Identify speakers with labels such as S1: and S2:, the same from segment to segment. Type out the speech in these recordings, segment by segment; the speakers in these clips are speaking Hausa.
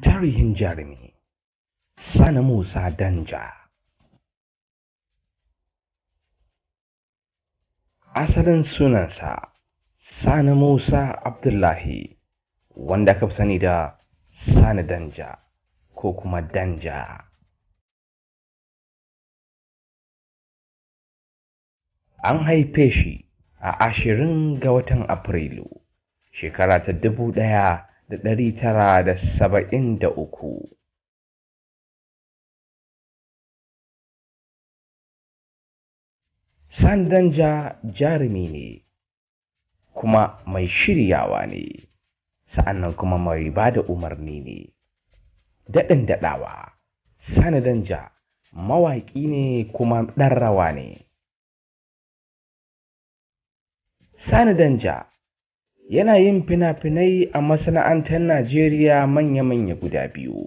S1: tarihin jarumi sani musa danja
S2: asalin sunansa sani musa abdullahi
S1: wanda aka sani da sani danja ko kuma danja an haife shi a ashirin ga watan afrilu shekara ta dubu ɗaya da ɗari tara da saba'in da uku Sandanja jarumi ne kuma mai shiryawa ne
S2: sa'annan kuma mai ba da umarni ne daɗin daɗawa Sanadanja mawaƙi ne kuma ɗan rawa ne Sanadanja yana yin fina-finai a masana'antar Najeriya manya-manya guda biyu.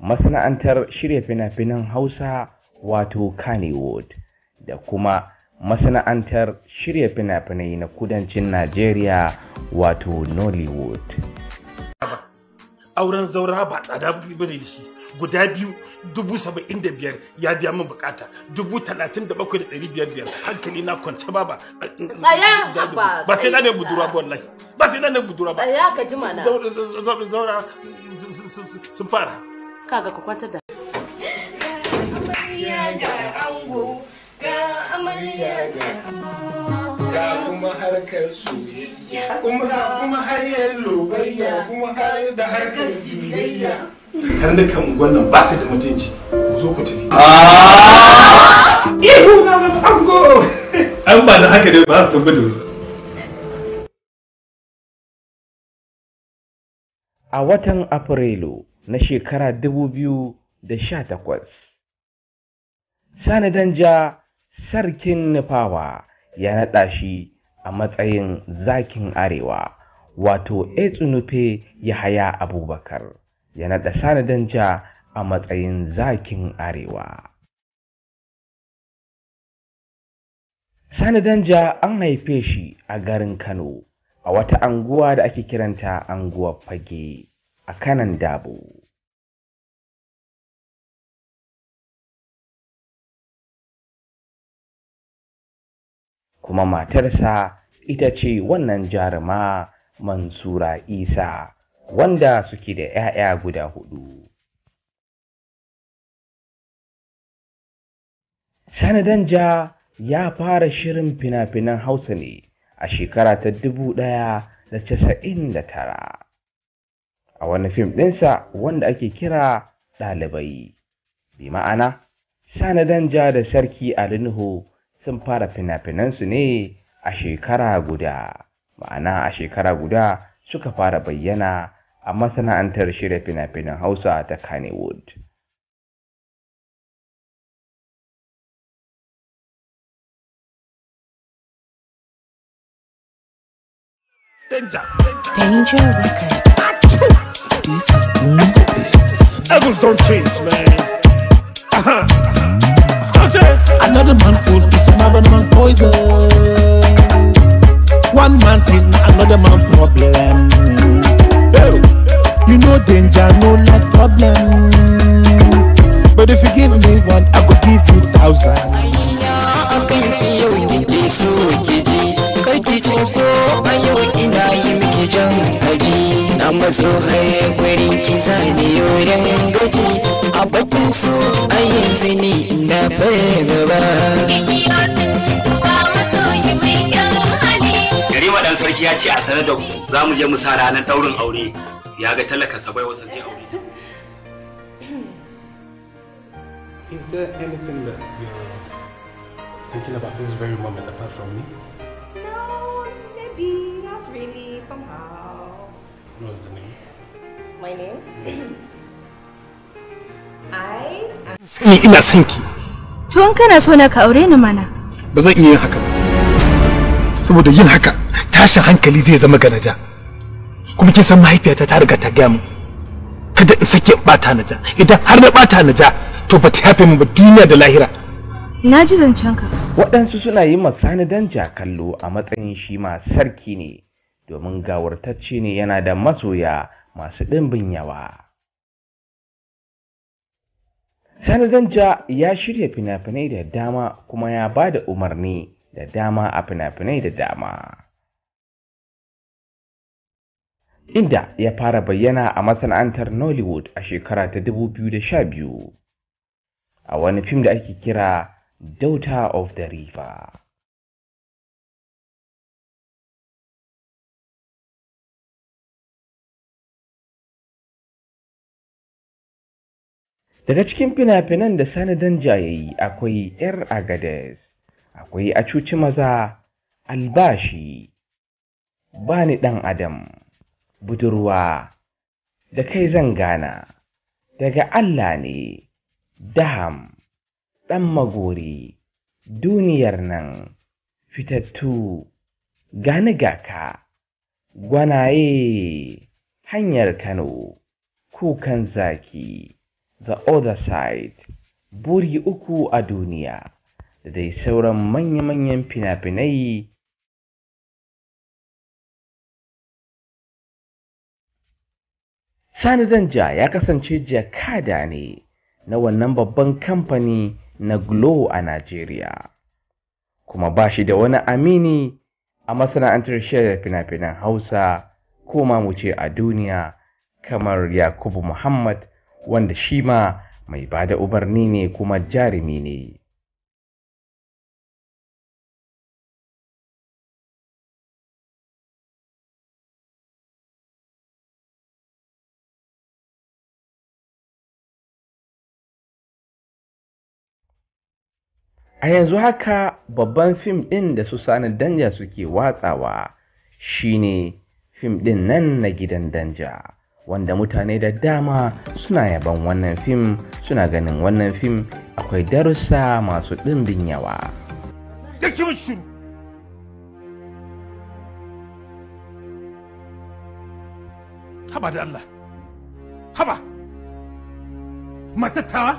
S2: Masana'antar shirya fina-finan Hausa wato Kannywood da kuma masana'antar shirya fina-finai na kudancin Najeriya wato Nollywood.
S3: Auren zaura ba tsada ne da shi. guda biyu dubu saba'in da biyar ya biya min bukata dubu talatin da bakwai da ɗari biyar biyar hankali na kwance ba ba ba sai na ne budurwa ba wallahi ba sai na ne budurwa ba tsaya ka ji mana zaura sun fara kaga ku kwantar da ga ango ga amarya ga kuma harkar soyayya kuma har yallo lobayya kuma har da harkar jiyayya kan wannan ba su da mutunci ku zo ku tafi
S1: ah! ihu na ango an ba da haka dai ba ta gudu
S2: a watan afrilu na shekara 2018 sani danja sarkin nufawa ya naɗa shi a matsayin zakin arewa wato etsunufe haya abubakar ya da sani ja a matsayin zakin arewa sani ja an haife shi a garin kano a wata anguwa da ake kiranta
S1: anguwar fage a kanan dabo kuma matarsa ita ce wannan jaruma mansura
S2: isa wanda suke da ‘ya'ya guda huɗu.
S1: Sani Danja ya fara
S2: shirin fina-finan Hausa ne a shekara ta dubu ɗaya da casa'in da tara. A wani fim ɗinsa wanda ake kira ɗalibai, bi ma'ana, Sani Danja da Sarki Nuhu sun fara fina-finansu ne a shekara guda, ma'ana a shekara guda suka
S1: fara bayyana a masana'antar shirya fina-finan Hausa ta Kannywood. Danger. Danger Records. This is good. don't change, man.
S3: Uh-huh. Another man food is another man poison. One man thing, another man problem. Me no danger, no like problem. But if you give me one, I could give you thousand.
S2: maso hare gwarin kisa ne yoren gaji a
S3: su a yanzu na bai gaba dan sarki ya ce a sanar da za mu je mu sa ranar daurin aure ya ga talakarsa bai wasa zai aure ta Is there anything that you're thinking about this very moment apart from me? No, maybe not really, somehow. What's the name? My name? I Sani ina son ki.
S2: Tuwon kana so na ka aure ni mana.
S3: Ba zan iya yin haka ba. Saboda yin haka tashin hankali zai zama ganaja. kuma kin san mahaifiyata ta riga ta gaya mu kada in sake bata na ja idan har na bata na ja to ba ta yafe min ba duniya da lahira
S1: na ji zancen ka
S2: waɗansu suna yi masani dan kallo a matsayin shi ma sarki ne domin gawartacce ne yana da masoya masu ɗimbin yawa sani danja ya shirya fina-finai da dama kuma ya ba da umarni da dama a fina-finai da dama inda ya fara bayyana a masana'antar Nollywood a shekara ta 2012
S1: a wani fim da ake kira Daughter of the River. Daga cikin fina-finan da Sani Danja ya yi akwai ‘yar Agades, akwai a cuci
S2: maza, albashi, bani ɗan Adam. budurwa, da kai zan gana, daga Allah ne, daham, ɗan magori, duniyar nan, fitattu, gani gaka, gwanaye, hanyar Kano, kukan zaki, the other
S1: side, buri uku a duniya, da dai sauran manya-manyan fina-finai. Sani zan ja ya kasance jakada ne na
S2: wannan babban kamfani na Glo a Najeriya, kuma ba shi da wani amini a masana'antar shirya fina-finan Hausa ko mu ce a duniya kamar Yakubu Muhammad wanda shi ma mai bada
S1: da umarni ne kuma jarumi ne. A yanzu haka babban fim
S2: ɗin da su Sani Danja suke watsawa shi ne fim ɗin nan na gidan Danja, wanda mutane da dama suna yaban wannan fim suna ganin wannan fim akwai darussa masu ɗimbin yawa.
S3: Haba da Allah, haba, matattawa,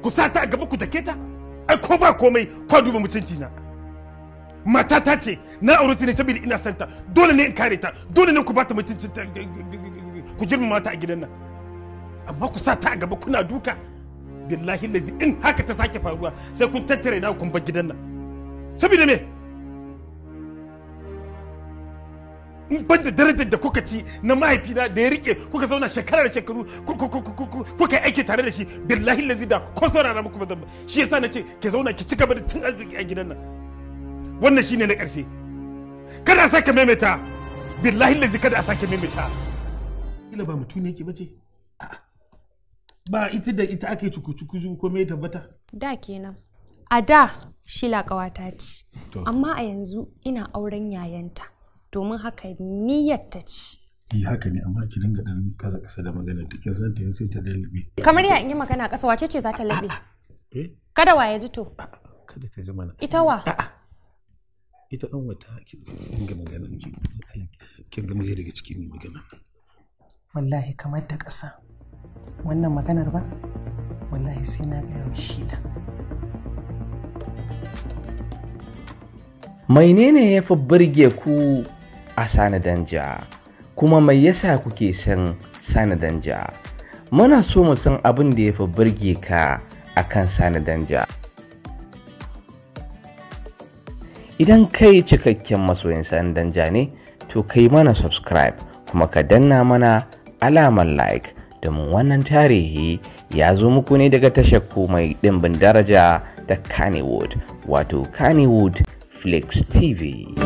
S3: ku sata a gaba ku take ta? a ko ba komai kwa duba mutunci na mata ta ce na aure ne saboda ina santa dole ne in kare ta dole ne ku bata mutunci ku girma mata a gidan nan amma ku sa ta a gaba kuna duka billahi lazi in haka ta sake faruwa sai kun tattare na kun bar gidan nan saboda me in ban da darajar da kuka ci na mahaifina da ya rike kuka zauna shekara da shekaru kuka aiki tare da shi billahi lazi da ko saurara muku ba zamba ba shi yasa na ce ke zauna ki ci gaba da cin arziki a gidan nan wannan shine na ƙarshe kada a sake maimaita billahi lazi kada a sake maimaita kila ba mutum ne ke bace ba ita da ita ake cuku-cuku ko mai tabbata da kenan a da shila ta ce amma a yanzu ina auren yayanta domin haka niyyar ta ci. yi haka ne amma ki dinga dan kasa kasa da magana kin san ta sai ta lallabe kamar ya in yi magana kasa wace ce za ta lallabe eh? kada wa ya ji to kada ta ji mana ita wa ita an wata ki dinga magana ki kin ga miji daga cikin magana wallahi kamar da kasa wannan maganar ba wallahi sai na ga yawan shida
S2: mai ne ya fi birge ku a danja kuma mai yasa kuke son danja muna so mu san abin da ya fi birge ka a kan sanadanja idan kai cikakken masoyin danja ne to kai mana subscribe kuma ka danna mana alamar like domin wannan tarihi ya zo muku ne daga tashar mai ɗimbin daraja ta Kannywood wato Kannywood
S1: Flix TV.